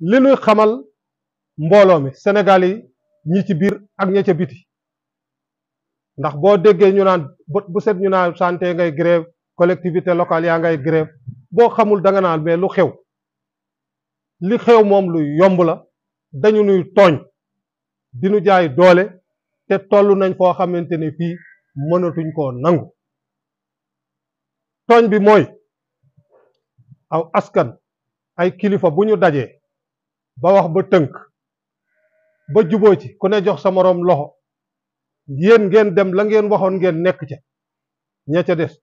li nuy xamal mbooloo mi senegal yi ñi ci biir ak ña ca biti ndax boo déggee ñu naan bët bu set ñu naan santé ngay grève collectivité locale yaa ngay grève boo xamul danga naan mais lu xew li xew moom lu yomb la dañu nuy tooñ di nu jaay doole te toll nañ foo xamante ni fii mënatuñ koo nangu tooñ bi mooy aw askan ay kilifa bu ñu dajee ba wax ba tënk ba juboo ci ku ne jox sa moroom loxo yéen ngeen dem la ngeen waxoon ngeen nekk ca ña ca des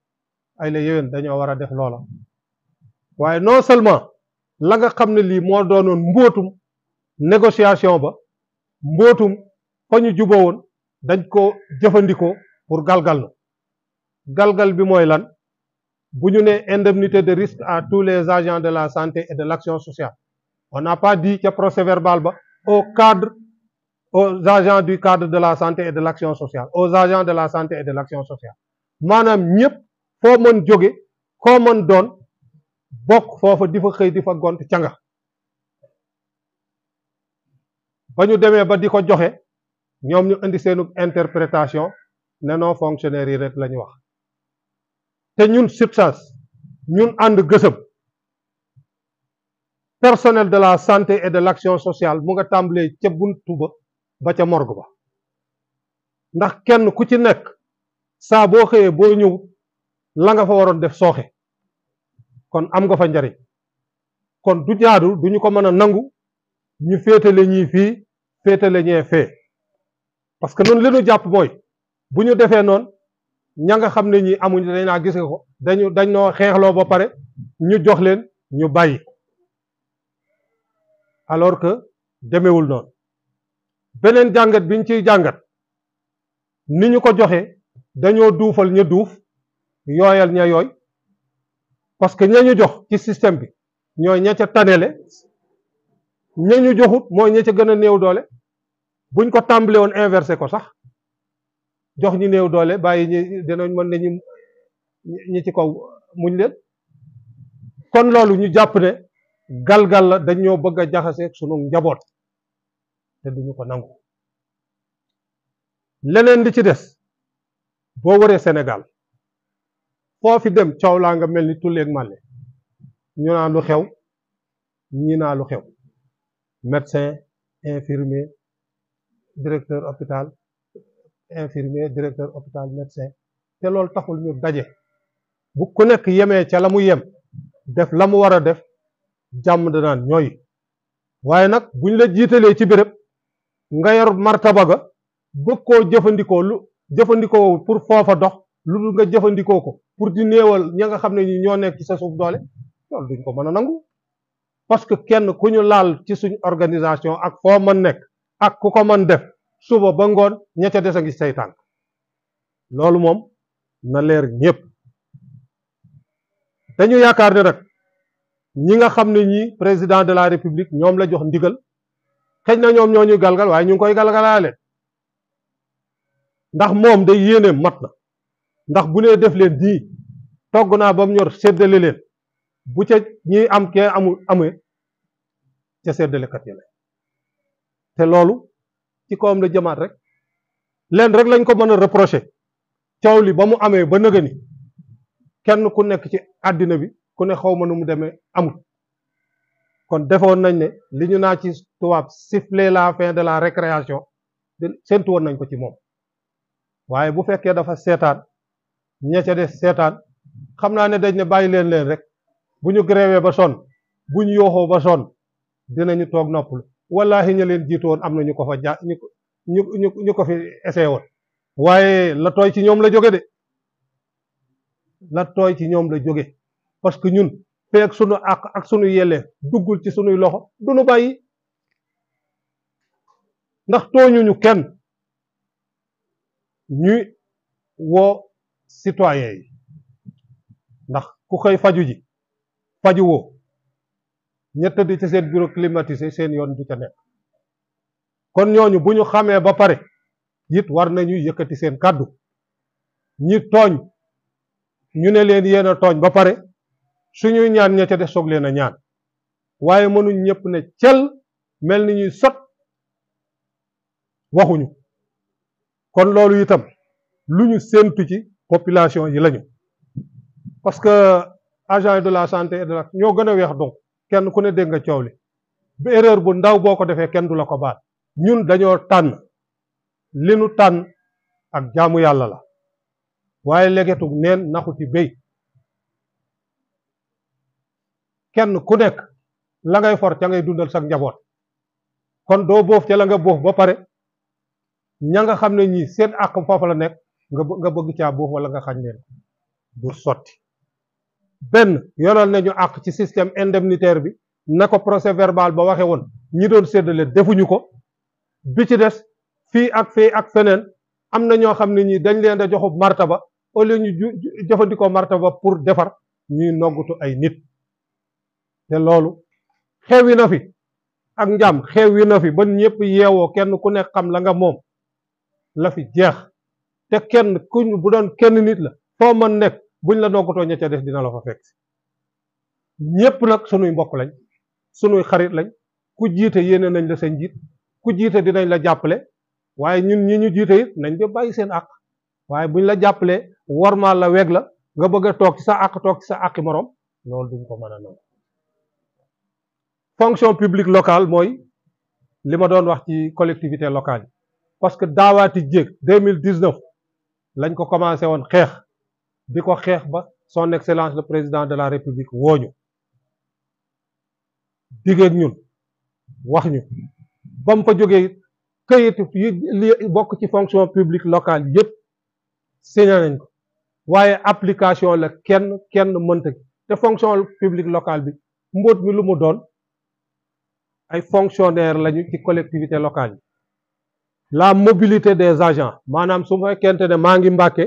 ay la yéwén dañoo war a def loola waaye non seulement la nga xam ne lii moo doonoon mbootum négociation ba mbootum fa ñu juboo woon dañ ko jëfandikoo pour galgal galgal bi mooy lan bu ñu ne indemnité de risque à tous les agents de la santé et de l'action sociale on n'a pas dit ca procès verbal ba au cadre aux agents du cadre de la santé et de l'action sociale aux agents de la santé et de l'action sociale maanaam ñëpp foo mën jóge koo mën doon bokk foofa di fa xëy di fa gont ca nga ba ñu demee ba di ko joxe ñoom ñu indi seenu interprétation ne non fonctionnaire yi rek la ñu wax te ñun SUTSAS ñun ànd gësëm personnel de la santé et de l'action sociale mu nga tàmbalee ca buntu ba ba ca morgue ba ndax kenn ku ci nekk saa boo xëyee boo ñëw la nga fa waroon def sooxe kon am nga fa njariñ kon du jaadu ñu ko mën a nangu ñu féetale ñii fii féetale ñee fee parce que noonu li ñu jàpp mooy bu ñu defee noonu ña nga xam ne ñii amuñu dañ naa gis nga ko dañu dañ noo xeexloo ba pare ñu jox leen ñu bàyyi alors que demewul noonu beneen jàngat biñ ciy jàngat ni ñu ko joxe dañoo duufal ña duuf yooyal ña yooy parce que ña ñu jox ci système bi ñooy ña ca tanele ña ñu joxut mooy ña ca gën a néew doole buñ ko tàmbale woon inversé ko sax jox ñi néew doole bàyyi ñi dinañ mën ne ñi ñi ci kaw muñ leen kon loolu ñu jàpp ne galgal la dañoo bëgg a jaxaseeg sunu njaboot te duñu ko nangu leneen di ci des boo waree senegal foo fi dem coow laa nga mel ni tulleeg màlle ñu naa lu xew ñi naa lu xew médecin infirmier directeur hôpital infirmier directeur hôpital médecin te loolu taxul ñu daje bu ku nekk yemee ca la mu yem def la mu war a def jàmm danaan ñooy waaye nag bu ñu la jiitalee ci béréb nga yor martaba ga bëgg koo jëfandikoo lu jëfandikoo pour foofa dox lu dul nga jëfandikoo ko pour di néewal ña nga xam ne ñi ñoo nekk ci sa suuf doole loolu duñ ko mën a nangu parce que kenn ku ñu laal ci suñ organisation ak foo mën nekk ak ku ko mën def suba ba ngoon ña ca des ngi say tànk loolu moom na leer ñépp dañu yaakaar ne rek ñi nga xam ne ñi président de la république ñoom la jox ndigal xëj na ñoom ñoo ñuy galgal waaye ñu ngi koy galgalaale ndax moom day yéene mat na ndax bu nee def leen dii togg naa ba mu ñor séddale leen bu ca ñiy am kee amul amee ca séddalekat yi la te loolu ci kawam la jëmaat rek leen rek lañ ko mën a reprocher coow li ba mu amee ba nëgëni kenn ku nekk ci àddina bi ku ne xaw ma nu mu demee amut kon defewoon nañ ne li ñu naa ci tubaab siffler la fin de la récréation séntu woon nañ ko ci moom waaye bu fekkee dafa seetaan ña ca des seetaan xam naa ne dañ ne bàyyi leen leen rek bu ñu gréwee ba sonn bu ñu yooxoo ba sonn dinañu toog noppalu wallahi ña leen jiitu woon am na ñu ko fa ja ñu ñu ñu ko fi essayé woon waaye la tooy ci ñoom la jóge de la tooy ci ñoom la jóge parce que ñun peeg sunu àq ak sunu yellee duggul ci sunuy loxo du nu bàyyi ndax tooñuñu kenn ñuy woo citoyen yi ndax ku koy faju ji faju woo ñett di ci seen bureau seen yoon du ca nekk kon ñooñu bu ñu xamee ba pare it war na ñuy yëkkati seen kàddu ñi tooñ ñu ne leen yéen a tooñ ba pare suñuy ñaan ña ca def soog na a ñaan waaye mënuñ ñëpp na cel mel ni ñuy sot waxuñu kon loolu itam lu ñu séentu ci population yi lañu parce que agent de la santé et de la ñoo gën a weex donc kenn ku ne dégg nga coow li bu erreur bu ndaw boo ko defee kenn du la ko baat ñun dañoo tànn li nu tànn ak jaamu yàlla la waaye legetu neen naxu ci kenn ku nekk la ngay for ca ngay dundal sag njaboot kon doo boof ca la nga boof ba pare ña nga xam ne ñii seen àq foofa la nekk nga nga bëgg caa boof wala nga xañ leen bu sotti benn yoral nañu àq ci système indemnitaire bi na ko procès verbal ba waxe woon ñi doon séddale defuñu ko bi ci des fii ak fii ak feneen am na ñoo xam ne ñii dañ leen da joxub martaba au lieu ñu jëfandikoo martaba pour defar ñuy noggutu ay nit te loolu xewi na fi ak njàm xewi na fi ba ñëpp yeewoo kenn ku nekk xam la nga moom la fi jeex te kenn kuñ bu doon kenn nit la foo mën nekk buñ la doggatoo ña ca des dina la fa fekk ñëpp nag sunuy mbokk lañ sunuy xarit lañ ku jiite yéene nañ la sa njiit ku jiite dinañ la jàppale waaye ñun ñi ñu jiite it nañ de bàyyi seen àq waaye buñ la jàppalee warmaal la weg la nga bëgg a toog ci sa àq toog ci sa àqi moroom loolu duñ ko mën a nangu fonction publique locale mooy li ma doon wax ci collectivité locale yi parce que daawaati jéeg 2019 lañ ko commencé woon xeex bi ko xeex ba son excellence le président de la république wooñu digéeg ñun wax ñu ba mu fa jógee këyit yi li bokk ci fonction publique locale yépp signé nañ ko waaye application la kenn kenn mënta te fonction publique locale bi mbóot mi lu mu doon ay fonctionnaires lañu ci collectivité locale yi la mobilité des agents maanaam su fekkente ne maa ngi Mbàkke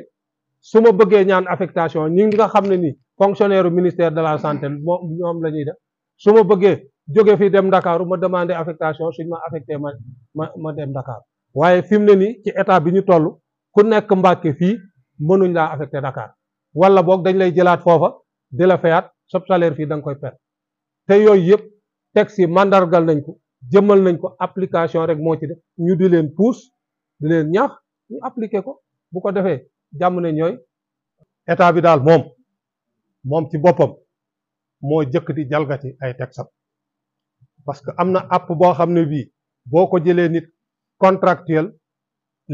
su ma bëggee ñaan affectation ñi nga xam ne nii fonctionnaire ministère de la santé moom ñoom la ñuy def su ma bëggee jóge fii dem ndakaaru ma demandé affectation suñ ma affecté ma ma ma dem Dakar waaye fi mu ne nii ci état bi ñu toll ku nekk Mbàkke fii mënuñ laa affecté Dakar wala boog dañ lay jëlaat foofa di la fayaat sob salaire fii da nga koy perte te yooyu yëpp texte yi mandargal nañ ko jëmmal nañ ko application rek moo ci def ñu di leen puus di leen ñaax ñu appliquer ko bu ko defee jàmm ne ñooy état bi daal moom moom ci boppam moo jëkk di jalgati ay texam parce que am na app boo xam ne bii boo ko jëlee nit contractuel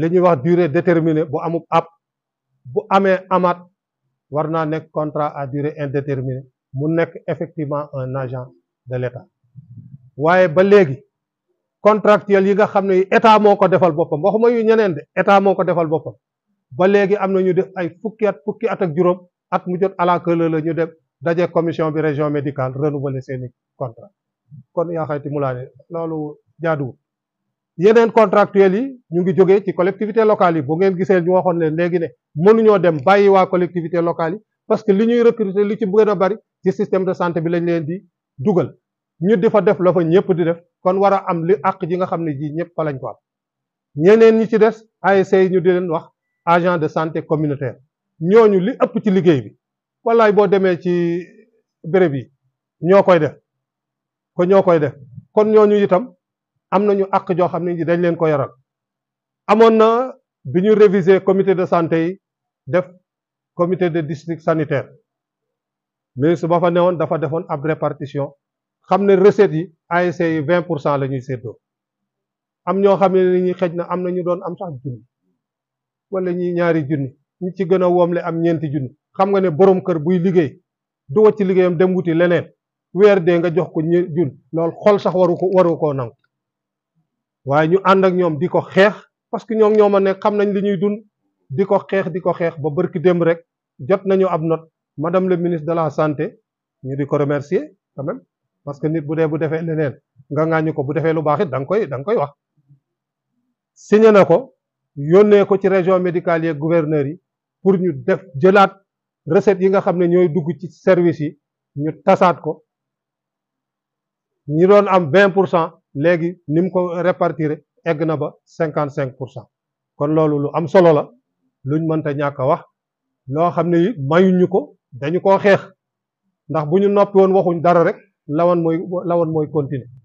li ñuy wax durée déterminée bu amub app bu amee amaat war naa nekk contrat à durée indéterminée mu nekk effectivement un agent de l'État waaye ba léegi contractuel yi nga xam ne état moo ko defal boppam waxuma yu ñeneen de état moo ko defal boppam ba léegi am na ñu de ay fukki at fukki at ak juróom at mu jot à la ñu dem daje commission bi région médicale renouveler seeni contrat kon yaa xayti mu laane loolu jaaduwul yeneen contractuel yi ñu ngi jógee ci collectivité locale yi bu ngeen gisee ñu waxoon leen léegi ne mënuñoo dem bàyyi waa collectivité locale yi parce que li ñuy recruter li ci gën a bari ci système de santé bi lañ leen di dugal ñu di fa def la fa ñëpp di def kon war a am li àq ji nga xam ne ji ñëpp fa lañ ko am ñeneen ñi ci des ASC ñu di leen wax agent de santé communautaire ñooñu li ëpp ci liggéey bi wallaay boo demee ci béréb yi ñoo koy def ko ñoo koy def kon ñooñu itam am nañu àq joo xam ne ji dañ leen ko yaral amoon na bi ñu réviser commité de santé yi def comité de district sanitaire ministre ba fa woon dafa defoon ab répartition xam ne recettes yi as yi vingt pour cent la ñuy séddoo am ñoo xam ne ni xëj na am na ñu doon am sax junni wala ñi ñaari junni ñu ci gën a woomle am ñeenti junni xam nga ne borom kër buy liggéey du wacc ci liggéeyam dem wuti leneen weer dee nga jox ko ñe junni xool sax waru ko waru koo nangu waaye ñu ànd ak ñoom di ko xeex parce que ñoom ñoo ma ne xam nañ li ñuy dund di ko xeex di ko xeex ba barki démb rek jot nañu ab note madame le ministre de la santé ñu di ko remercier quand parce que nit bu dee bu defee leneen nga ŋàññi ko bu defee lu baax it da nga koy da koy wax signé na ko yónnee ko ci région médicale yeeg yi pour ñu def jëlaat recette yi nga xam ne ñooy dugg ci service yi ñu tasaat ko ñi doon am vingt pour cent léegi ni mu ko répartir egg na ba cinquante cinq pour cent kon loolu lu am solo la luñ mënta ñàkk a wax loo xam ne mayuñu ko dañu koo xeex ndax bu ñu noppi woon waxuñ dara rek lawan mooy lawan mooy continuer